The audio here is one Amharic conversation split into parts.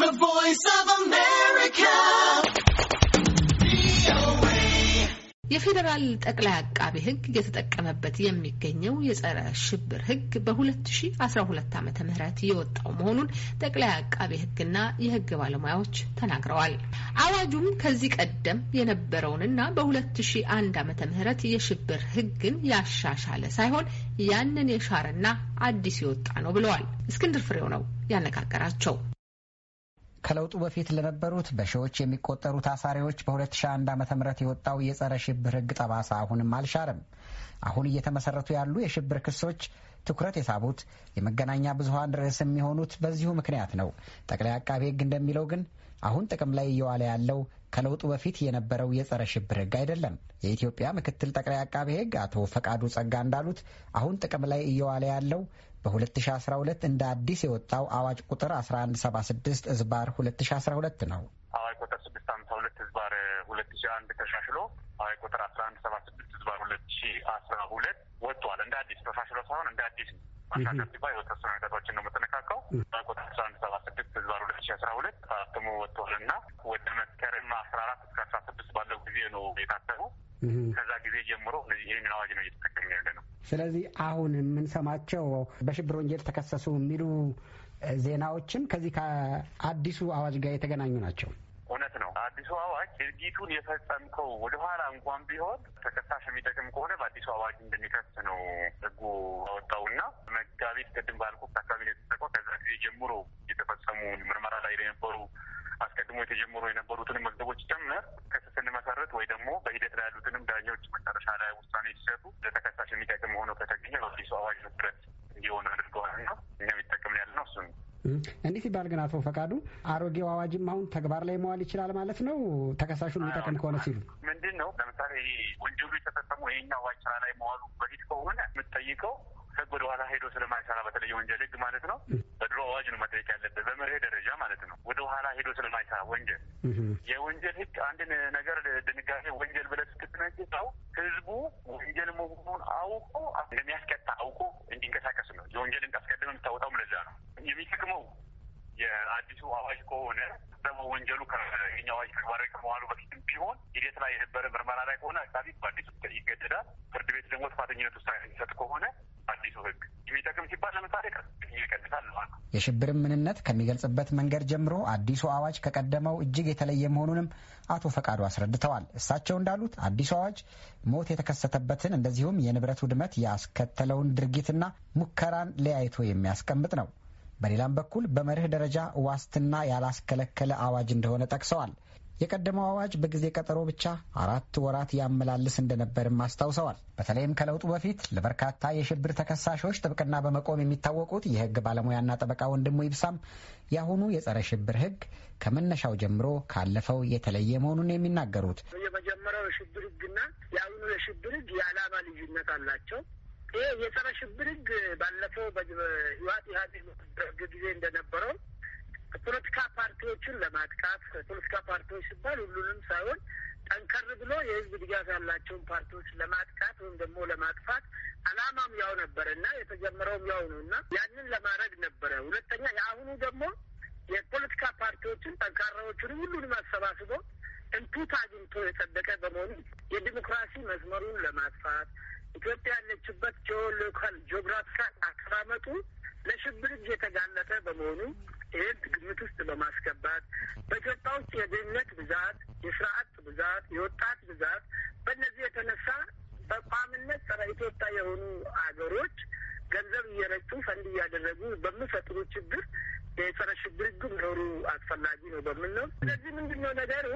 The Voice of America. የፌዴራል ጠቅላይ አቃቢ ሕግ እየተጠቀመበት የሚገኘው የጸረ ሽብር ሕግ በ2012 ዓ ምት የወጣው መሆኑን ጠቅላይ አቃቢ ሕግና የሕግ ባለሙያዎች ተናግረዋል። አዋጁም ከዚህ ቀደም የነበረውንና በ2001 ዓ ምት የሽብር ሕግን ያሻሻለ ሳይሆን ያንን የሻረና አዲስ የወጣ ነው ብለዋል። እስክንድር ፍሬው ነው ያነጋገራቸው። ከለውጡ በፊት ለነበሩት በሺዎች የሚቆጠሩ ታሳሪዎች በ2001 ዓ ም የወጣው የጸረ ሽብር ህግ ጠባሳ አሁንም አልሻረም። አሁን እየተመሰረቱ ያሉ የሽብር ክሶች ትኩረት የሳቡት የመገናኛ ብዙሀን ርዕስ የሚሆኑት በዚሁ ምክንያት ነው። ጠቅላይ አቃቤ ህግ እንደሚለው ግን አሁን ጥቅም ላይ እየዋለ ያለው ከለውጡ በፊት የነበረው የጸረ ሽብር ህግ አይደለም። የኢትዮጵያ ምክትል ጠቅላይ አቃቤ ህግ አቶ ፈቃዱ ጸጋ እንዳሉት አሁን ጥቅም ላይ እየዋለ ያለው በ2012 እንደ አዲስ የወጣው አዋጅ ቁጥር 1176 እዝባር 2012 ነው። አዋጅ ቁጥር 652 እዝባር 2001 ተሻሽሎ አዋጅ ቁጥር 1176 እዝባር 2012 ወጥቷል። እንደ አዲስ ተሻሽሎ ሳይሆን እንደ አዲስ ማሻሻል ሲባል የተወሰኑ ነገሮችን ነው የምጠነካከው። አዋጅ ቁጥር 1176 እዝባር 2012 ታትሞ ወጥቷል እና ወደ መስከረም 14 እስከ 16 ባለው ጊዜ ነው የታተሙ። ከዛ ጊዜ ጀምሮ ይህንን አዋጅ ነው እየተጠቀምን ያለ ነው። ስለዚህ አሁን የምንሰማቸው በሽብር ወንጀል ተከሰሱ የሚሉ ዜናዎችም ከዚህ ከአዲሱ አዋጅ ጋር የተገናኙ ናቸው። እውነት ነው። አዲሱ አዋጅ ድርጊቱን የፈጸምከው ወደኋላ እንኳን ቢሆን ተከሳሽ የሚጠቅም ከሆነ በአዲሱ አዋጅ እንደሚከስ ነው ህጉ ሕጉ አወጣውና መጋቢት ቅድም ባልኩ አካባቢ ነው የተጠቀው ከዛ ጊዜ ጀምሮ የተፈጸሙ ምርመራ ላይ የነበሩ አስቀድሞ የተጀመሩ የነበሩትንም መዝገቦች ጭምር ክስ ስንመሰረት ወይ ደግሞ በሂደት ላይ ያሉትንም ዳኞች መጨረሻ ላይ ውሳኔ ሲሰጡ ለተከሳሽ የሚጠቅም ሆኖ ከተገኘ በአዲሱ አዋጅ መሰረት እንዲሆን አድርገዋል እና እኛም ይጠቅም ያለ ነው። እሱን እንዲህ ሲባል ግን አቶ ፈቃዱ አሮጌው አዋጅም አሁን ተግባር ላይ መዋል ይችላል ማለት ነው። ተከሳሹን የሚጠቅም ከሆነ ሲሉ ምንድን ነው ለምሳሌ ወንጀሉ የተፈጸሙ ይሄኛው አዋጅ ስራ ላይ መዋሉ በፊት ከሆነ የምትጠይቀው ህግ ወደ ኋላ ሄዶ ስለማይሰራ በተለይ ወንጀል ህግ ማለት ነው። በድሮ አዋጅ ነው መጠየቅ ያለበት በመርህ ደረጃ ማለት ነው። ወደ ኋላ ሄዶ ስለማይሰራ ወንጀል የወንጀል ህግ አንድን ነገር ድንጋጌ ወንጀል ብለህ ስትነግረው ህዝቡ ወንጀል መሆኑን አውቆ እንደሚያስቀጣ አውቆ እንዲንቀሳቀስ ነው። የወንጀል እንቃስቀድመ የምታወጣው ለዛ ነው የሚጠቅመው የአዲሱ አዋጅ ከሆነ ደግሞ ወንጀሉ ከኛ አዋጅ ተግባራዊ ከመዋሉ በፊትም ቢሆን ሂደት ላይ የነበረ ምርመራ ላይ ከሆነ አካባቢ በአዲሱ ይገደዳል። ፍርድ ቤት ደግሞ ጥፋተኝነት ውሳኔ የሚሰጥ ከሆነ አዲሱ ህግ የሚጠቅም ሲባል ለምሳሌ ይቀንሳል ነው። የሽብርን ምንነት ከሚገልጽበት መንገድ ጀምሮ አዲሱ አዋጅ ከቀደመው እጅግ የተለየ መሆኑንም አቶ ፈቃዱ አስረድተዋል። እሳቸው እንዳሉት አዲሱ አዋጅ ሞት የተከሰተበትን እንደዚሁም የንብረት ውድመት ያስከተለውን ድርጊትና ሙከራን ለያይቶ የሚያስቀምጥ ነው። በሌላም በኩል በመርህ ደረጃ ዋስትና ያላስከለከለ አዋጅ እንደሆነ ጠቅሰዋል። የቀደመው አዋጅ በጊዜ ቀጠሮ ብቻ አራት ወራት ያመላልስ እንደነበርም አስታውሰዋል። በተለይም ከለውጡ በፊት ለበርካታ የሽብር ተከሳሾች ጥብቅና በመቆም የሚታወቁት የሕግ ባለሙያና ጠበቃ ወንድሙ ይብሳም የአሁኑ የጸረ ሽብር ህግ ከመነሻው ጀምሮ ካለፈው የተለየ መሆኑን የሚናገሩት የመጀመሪያው የሽብር ህግና የአሁኑ የሽብር ህግ የዓላማ ልዩነት አላቸው። ይህ የጸረ ሽብር ህግ ባለፈው ህዋት ኢህአዴግ ጊዜ እንደነበረው ፖለቲካ ፓርቲዎችን ለማጥቃት ፖለቲካ ፓርቲዎች ሲባል ሁሉንም ሳይሆን ጠንከር ብሎ የህዝብ ድጋፍ ያላቸውን ፓርቲዎች ለማጥቃት ወይም ደግሞ ለማጥፋት አላማም ያው ነበረ እና የተጀመረውም ያው ነው እና ያንን ለማድረግ ነበረ። ሁለተኛ የአሁኑ ደግሞ የፖለቲካ ፓርቲዎችን ጠንካራዎቹን ሁሉንም አሰባስቦ እንቱት አግኝቶ የጸደቀ በመሆኑ የዲሞክራሲ መስመሩን ለማጥፋት ኢትዮጵያ ያለችበት ጂኦሎካል ጂኦግራፊካል አቀማመጡ ለሽብር እጅ የተጋለጠ በመሆኑ ይህን ግምት ውስጥ በማስገባት በኢትዮጵያ ውስጥ የድህነት ብዛት፣ የስርዓት ብዛት፣ የወጣት ብዛት በእነዚህ የተነሳ በቋምነት ጸረ ኢትዮጵያ የሆኑ አገሮች ገንዘብ እየረጩ ፈንድ እያደረጉ በሚፈጥሩ ችግር የጸረ ሽብር ህግ መኖሩ አስፈላጊ ነው በምን ነው። ስለዚህ ምንድን ነው ነገሩ?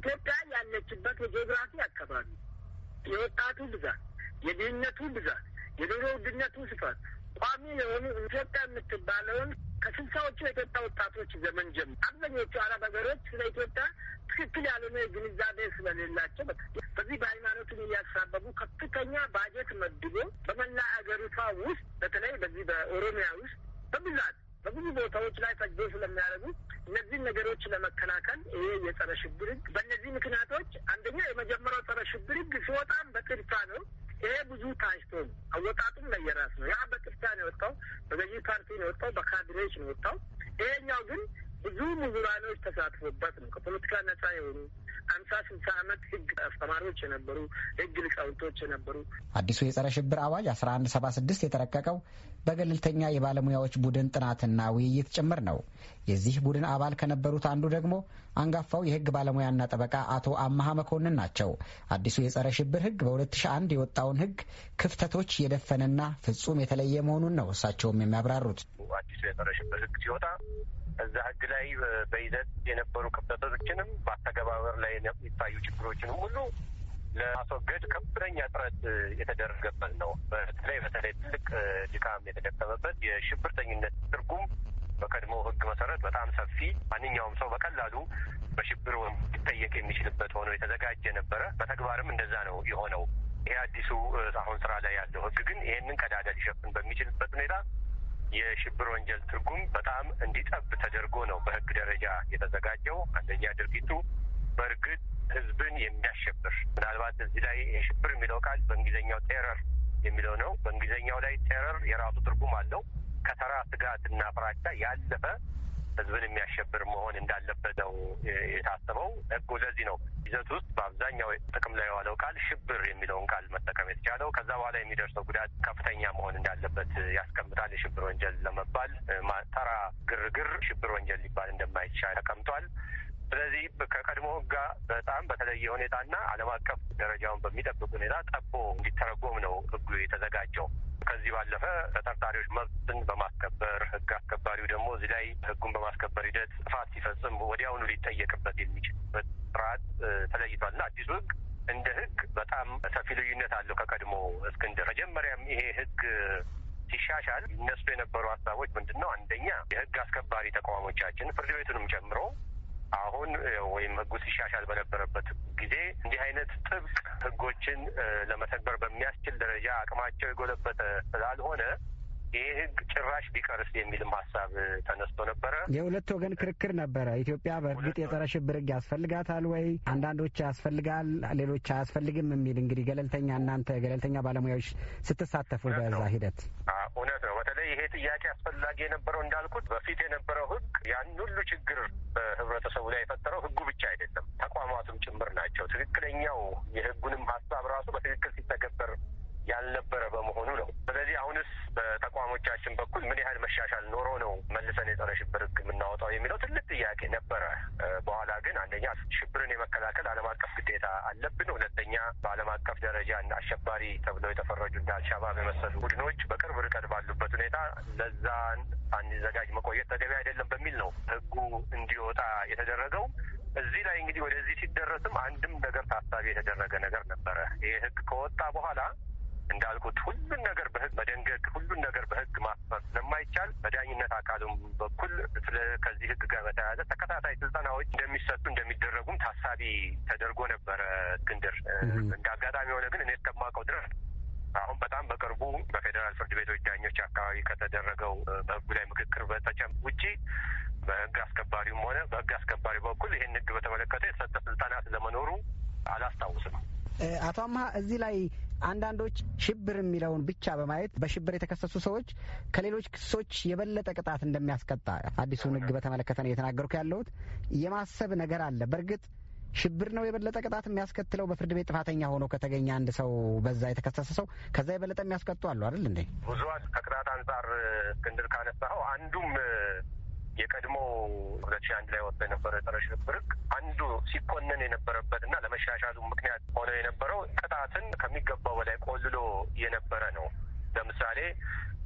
ኢትዮጵያ ያለችበት የጂኦግራፊ አካባቢ የወጣቱ ብዛት፣ የድህነቱ ብዛት፣ የኑሮ ውድነቱ ስፋት ቋሚ የሆኑ ኢትዮጵያ የምትባለውን ከስልሳዎቹ የኢትዮጵያ ወጣቶች ዘመን ጀምሮ አብዛኞቹ አረብ ሀገሮች ስለ ኢትዮጵያ ትክክል ያልሆነ ግንዛቤ ስለሌላቸው በዚህ በሃይማኖትን እያሳበቡ ከፍተኛ ባጀት መድቦ በመላ ሀገሪቷ ውስጥ በተለይ በዚህ በኦሮሚያ ውስጥ በብዛት በብዙ ቦታዎች ላይ ፈጆ ስለሚያደርጉ እነዚህን ነገሮች ለመከላከል ይሄ የጸረ ሽብር ህግ በእነዚህ ምክንያቶች አንደኛ የመጀመሪያው ጸረ ሽብር ህግ ሲወጣም በቅድታ ነው። ይሄ ብዙ ታጭቶ ሬች ነው የወጣው። ይሄኛው ግን ብዙ ምሁራኖች ተሳትፎበት ነው ከፖለቲካ ነጻ የሆኑ ሀምሳ ስልሳ ዓመት ህግ አስተማሪዎች የነበሩ ህግ ሊቃውንቶች የነበሩ አዲሱ የጸረ ሽብር አዋጅ አስራ አንድ ሰባ ስድስት የተረቀቀው በገለልተኛ የባለሙያዎች ቡድን ጥናትና ውይይት ጭምር ነው። የዚህ ቡድን አባል ከነበሩት አንዱ ደግሞ አንጋፋው የህግ ባለሙያና ጠበቃ አቶ አመሀ መኮንን ናቸው። አዲሱ የጸረ ሽብር ህግ በ2001 የወጣውን ህግ ክፍተቶች የደፈነና ፍጹም የተለየ መሆኑን ነው እሳቸውም የሚያብራሩት። አዲሱ የጸረ ሽብር ህግ ሲወጣ እዛ ህግ ላይ በይዘት ለማስወገድ ከፍተኛ ጥረት የተደረገበት ነው። በተለይ በተለይ ትልቅ ድካም የተደከመበት የሽብርተኝነት ትርጉም በቀድሞ ሕግ መሰረት በጣም ሰፊ ማንኛውም ሰው በቀላሉ በሽብር ሊጠየቅ የሚችልበት ሆኖ የተዘጋጀ ነበረ። በተግባርም እንደዛ ነው የሆነው። ይሄ አዲሱ አሁን ስራ ላይ ያለው ሕግ ግን ይሄንን ቀዳዳ ሊሸፍን በሚችልበት ሁኔታ የሽብር ወንጀል ትርጉም በጣም እንዲጠብ ተደርጎ ነው በሕግ ደረጃ የተዘጋጀው። አንደኛ ድርጊቱ በእርግጥ ህዝብን የሚያሸብር ምናልባት እዚህ ላይ ሽብር የሚለው ቃል በእንግሊዝኛው ቴረር የሚለው ነው። በእንግሊዝኛው ላይ ቴረር የራሱ ትርጉም አለው። ከተራ ስጋት እና ፍራቻ ያለፈ ህዝብን የሚያሸብር መሆን እንዳለበት ነው የታሰበው ህጉ። ለዚህ ነው ይዘት ውስጥ በአብዛኛው ጥቅም ላይ የዋለው ቃል ሽብር የሚለውን ቃል መጠቀም የተቻለው። ከዛ በኋላ የሚደርሰው ጉዳት ከፍተኛ መሆን እንዳለበት ያስቀምጣል። የሽብር ወንጀል ለመባል ተራ ግርግር ሽብር ወንጀል ሊባል እንደማይቻል ተቀምጧል። ስለዚህ ከቀድሞ ሕግ በጣም በተለየ ሁኔታና ዓለም አቀፍ ደረጃውን በሚጠብቅ ሁኔታ ጠቦ እንዲተረጎም ነው ህጉ የተዘጋጀው። ከዚህ ባለፈ ተጠርጣሪዎች መብትን በማስከበር ህግ አስከባሪው ደግሞ እዚህ ላይ ህጉን በማስከበር ሂደት ጥፋት ሲፈጽም ወዲያውኑ ሊጠየቅበት የሚችልበት ስርዓት ተለይቷልና አዲሱ ህግ እንደ ህግ በጣም ሰፊ ልዩነት አለው ከቀድሞ እስክንድር። መጀመሪያም ይሄ ህግ ሲሻሻል ይነሱ የነበሩ ሀሳቦች ምንድን ነው? አንደኛ የህግ አስከባሪ ተቋሞቻችን ፍርድ ቤቱንም ጨምሮ አሁን ወይም ህጉ ሲሻሻል በነበረበት ጊዜ እንዲህ አይነት ጥብቅ ህጎችን ለመተግበር በሚያስችል ደረጃ አቅማቸው የጎለበተ ስላልሆነ ይህ ህግ ጭራሽ ቢቀርስ የሚልም ሀሳብ ተነስቶ ነበረ። የሁለት ወገን ክርክር ነበረ። ኢትዮጵያ በእርግጥ የጸረ ሽብር ህግ ያስፈልጋታል ወይ? አንዳንዶች ያስፈልጋል፣ ሌሎች አያስፈልግም የሚል እንግዲህ ገለልተኛ እናንተ ገለልተኛ ባለሙያዎች ስትሳተፉ በዛ ሂደት እውነት ነው ጥያቄ አስፈላጊ የነበረው እንዳልኩት በፊት የነበረው ህግ ያን ሁሉ ችግር በህብረተሰቡ ላይ የፈጠረው ህጉ ብቻ አይደለም፣ ተቋማቱም ጭምር ናቸው። ትክክለኛው የህጉንም ሀሳብ ራሱ በትክክል ሲተገበር ያልነበረ በመሆኑ ነው። ስለዚህ አሁንስ በተቋሞቻችን በኩል ምን ያህል መሻሻል ኖሮ ነው መልሰን የጸረ ሽብር ህግ የምናወጣው የሚለው ትልቅ ጥያቄ ነበረ። በኋላ ግን አንደኛ ሽብርን የመከላከል ዓለም አቀፍ ግዴታ አለብን። ሁለተኛ በዓለም አቀፍ ደረጃ እንደ አሸባሪ ተብለው የተፈረጁ እንደ አልሻባብ የመሰሉ ሁኔታ ለዛ አንዘጋጅ መቆየት ተገቢ አይደለም በሚል ነው ህጉ እንዲወጣ የተደረገው። እዚህ ላይ እንግዲህ ወደዚህ ሲደረስም አንድም ነገር ታሳቢ የተደረገ ነገር ነበረ። ይህ ህግ ከወጣ በኋላ እንዳልኩት ሁሉን ነገር በህግ መደንገግ ሁሉን ነገር በህግ ማስፈር ስለማይቻል በዳኝነት አካሉም በኩል ስለ ከዚህ ህግ ጋር በተያያዘ ተከታታይ ስልጠናዎች እንደሚሰጡ እንደሚደረጉም ታሳቢ ተደርጎ ነበረ። እስክንድር እንደ አጋጣሚ የሆነ ግን እኔ እስከማውቀው ድረስ አሁን በጣም በቅርቡ በፌዴራል ፍርድ ቤቶች ዳኞች አካባቢ ከተደረገው በህጉ ላይ ምክክር በተጨም ውጪ በህግ አስከባሪውም ሆነ በህግ አስከባሪ በኩል ይህን ህግ በተመለከተ የተሰጠ ስልጠና ስለመኖሩ አላስታውስም። አቶ አምሀ እዚህ ላይ አንዳንዶች ሽብር የሚለውን ብቻ በማየት በሽብር የተከሰሱ ሰዎች ከሌሎች ክሶች የበለጠ ቅጣት እንደሚያስቀጣ አዲሱን ህግ በተመለከተ ነው እየተናገርኩ ያለሁት የማሰብ ነገር አለ በእርግጥ ሽብር ነው የበለጠ ቅጣት የሚያስከትለው በፍርድ ቤት ጥፋተኛ ሆኖ ከተገኘ አንድ ሰው በዛ የተከሰሰ ሰው ከዛ የበለጠ የሚያስቀጡ አሉ አይደል እንዴ? ብዙ ከቅጣት አንጻር እስክንድር ካነሳው አንዱም የቀድሞ ሁለት ሺ አንድ ላይ ወጥቶ የነበረ የጸረ ሽብር ሕግ አንዱ ሲኮነን የነበረበትና ለመሻሻሉ ምክንያት ሆነው የነበረው ቅጣትን ከሚገባው በላይ ቆልሎ የነበረ ነው። ለምሳሌ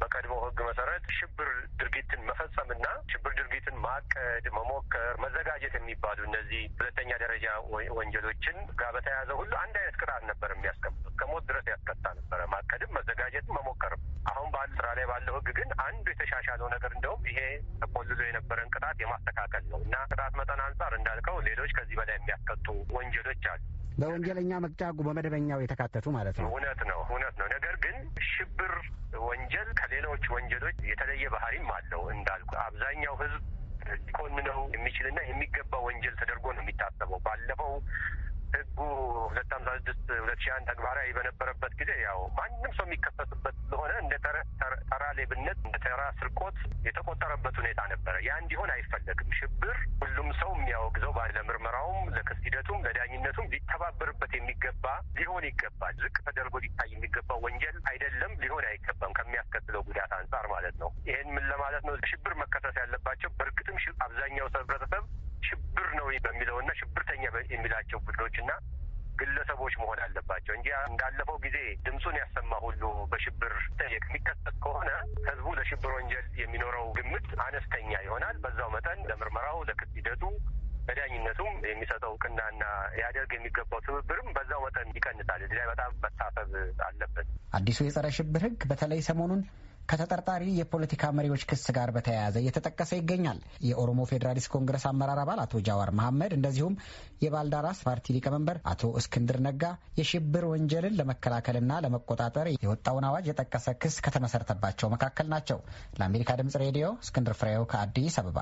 በቀድሞ ህግ መሰረት ሽብር ድርጊትን መፈጸምና ሽብር ድርጊትን ማቀድ፣ መሞከር፣ መዘጋጀት የሚባሉ እነዚህ ሁለተኛ ደረጃ ወንጀሎችን ጋር በተያያዘ ሁሉ አንድ አይነት ቅጣት ነበር የሚያስቀምጡት። ከሞት ድረስ ያስቀጣ ነበረ፣ ማቀድም፣ መዘጋጀትም መሞከርም። አሁን በአንድ ስራ ላይ ባለው ህግ ግን አንዱ የተሻሻለው ነገር እንደውም ይሄ ተቆልሎ የነበረን ቅጣት የማስተካከል ነው እና ቅጣት መጠን አንጻር እንዳልከው ሌሎች ከዚህ በላይ የሚያስቀጡ ወንጀሎች አሉ። በወንጀለኛ መቅጫ በመደበኛው የተካተቱ ማለት ነው። እውነት ነው፣ እውነት ነው። ነገር የተለየ ባህሪም አለው እንዳልኩ አብዛኛው ህዝብ ሊኮንነው የሚችልና የሚገባ ወንጀል ተደርጎ ነው የሚታሰበው። ባለፈው ህጉ ሁለት ሀምሳ ስድስት ሁለት ሺህ አንድ ተግባራዊ በነበረበት ጊዜ ያው ማንም ሰው የሚከፈቱበት ስለሆነ እንደ ተራ ሌብነት፣ እንደ ተራ ስርቆት የተቆጠረበት ሁኔታ ነበረ። ያ እንዲሆን አይፈ ግለሰቦች መሆን አለባቸው እንጂ እንዳለፈው ጊዜ ድምፁን ያሰማ ሁሉ በሽብር ጠየቅ የሚከሰት ከሆነ ህዝቡ ለሽብር ወንጀል የሚኖረው ግምት አነስተኛ ይሆናል። በዛው መጠን ለምርመራው፣ ለክስ ሂደቱ በዳኝነቱም የሚሰጠው ቅናና ያደርግ የሚገባው ትብብርም በዛው መጠን ይቀንሳል። እዚህ ላይ በጣም መታሰብ አለበት። አዲሱ የጸረ ሽብር ህግ በተለይ ሰሞኑን ከተጠርጣሪ የፖለቲካ መሪዎች ክስ ጋር በተያያዘ እየተጠቀሰ ይገኛል። የኦሮሞ ፌዴራሊስት ኮንግረስ አመራር አባል አቶ ጃዋር መሐመድ እንደዚሁም የባልዳራስ ፓርቲ ሊቀመንበር አቶ እስክንድር ነጋ የሽብር ወንጀልን ለመከላከልና ለመቆጣጠር የወጣውን አዋጅ የጠቀሰ ክስ ከተመሰረተባቸው መካከል ናቸው። ለአሜሪካ ድምጽ ሬዲዮ እስክንድር ፍሬው ከአዲስ አበባ